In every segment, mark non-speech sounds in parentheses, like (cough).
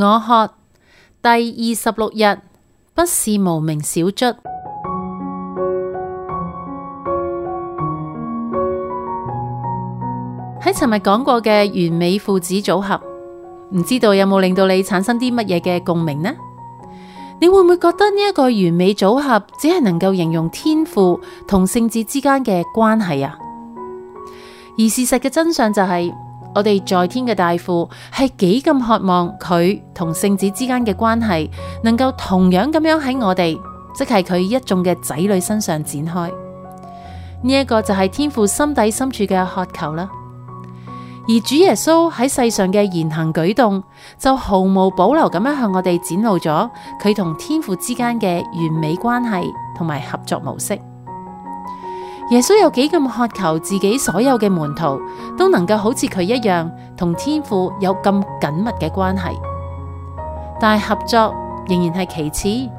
我渴，第二十六日，不是無名小卒。喺尋 (music) 日講過嘅完美父子組合，唔知道有冇令到你產生啲乜嘢嘅共鳴呢？你會唔會覺得呢一個完美組合只係能夠形容天父同聖子之間嘅關係啊？而事實嘅真相就係、是。我哋在天嘅大父係幾咁渴望佢同聖子之間嘅關係，能夠同樣咁樣喺我哋，即係佢一眾嘅仔女身上展開。呢一個就係天父心底深處嘅渴求啦。而主耶穌喺世上嘅言行舉動，就毫無保留咁樣向我哋展露咗佢同天父之間嘅完美關係同埋合作模式。耶穌有幾咁渴求自己所有嘅門徒都能夠好似佢一樣，同天父有咁緊密嘅關係。但合作仍然係其次，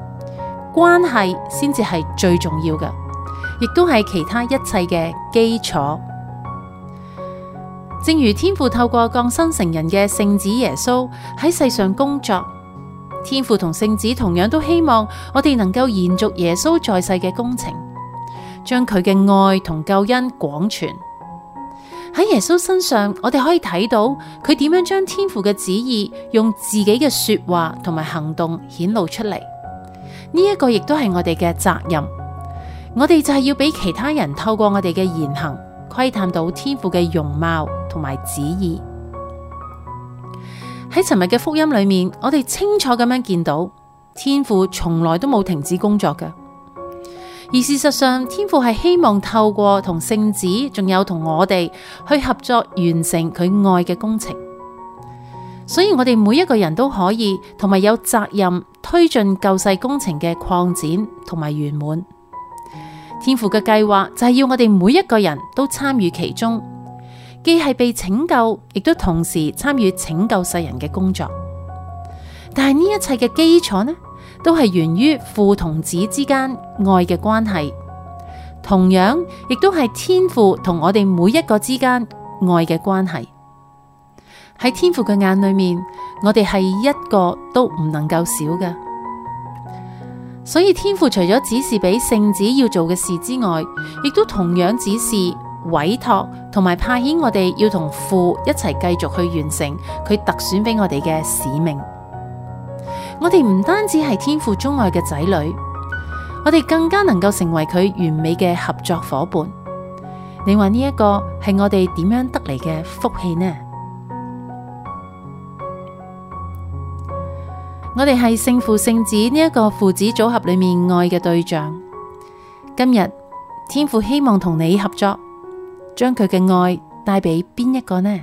關係先至係最重要嘅，亦都係其他一切嘅基礎。正如天父透過降生成人嘅聖子耶穌喺世上工作，天父同聖子同樣都希望我哋能夠延續耶穌在世嘅工程，將佢嘅愛同救恩廣傳。喺耶穌身上，我哋可以睇到佢點樣將天父嘅旨意用自己嘅說話同埋行動顯露出嚟。呢一個亦都係我哋嘅責任。我哋就係要俾其他人透過我哋嘅言行窺探到天父嘅容貌同埋旨意。喺尋日嘅福音裏面，我哋清楚咁樣見到天父從來都冇停止工作嘅。而事實上，天父係希望透過同聖子，仲有同我哋去合作，完成佢愛嘅工程。所以我哋每一個人都可以同埋有責任推進救世工程嘅擴展同埋圓滿。天父嘅計劃就係要我哋每一個人都參與其中，既係被拯救，亦都同時參與拯救世人嘅工作。但係呢一切嘅基礎呢，都係源於父同子之間愛嘅關係，同樣亦都係天父同我哋每一個之間愛嘅關係。喺天父嘅眼裏面，我哋係一個都唔能夠少嘅。所以天父除咗指示俾聖子要做嘅事之外，亦都同樣指示、委託同埋派遣我哋要同父一齊繼續去完成佢特選俾我哋嘅使命。我哋唔單止係天父鍾愛嘅仔女，我哋更加能夠成為佢完美嘅合作夥伴。你話呢一個係我哋點樣得嚟嘅福氣呢？我哋係聖父聖子呢一個父子組合裏面愛嘅對象。今日天父希望同你合作，將佢嘅愛帶俾邊一個呢？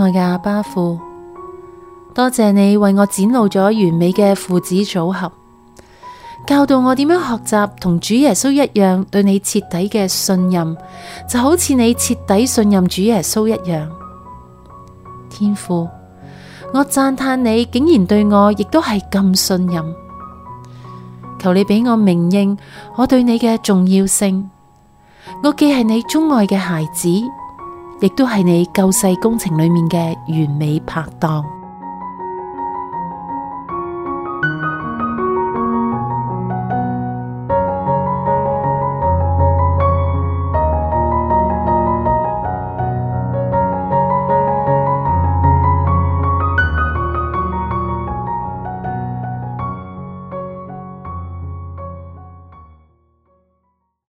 親愛嘅阿爸父，多謝你為我展露咗完美嘅父子組合，教導我點樣學習同主耶穌一樣對你徹底嘅信任，就好似你徹底信任主耶穌一樣。天父，我讚嘆你竟然對我亦都係咁信任，求你俾我明認我對你嘅重要性，我既係你鍾愛嘅孩子，亦都係你救世工程裏面嘅完美拍檔。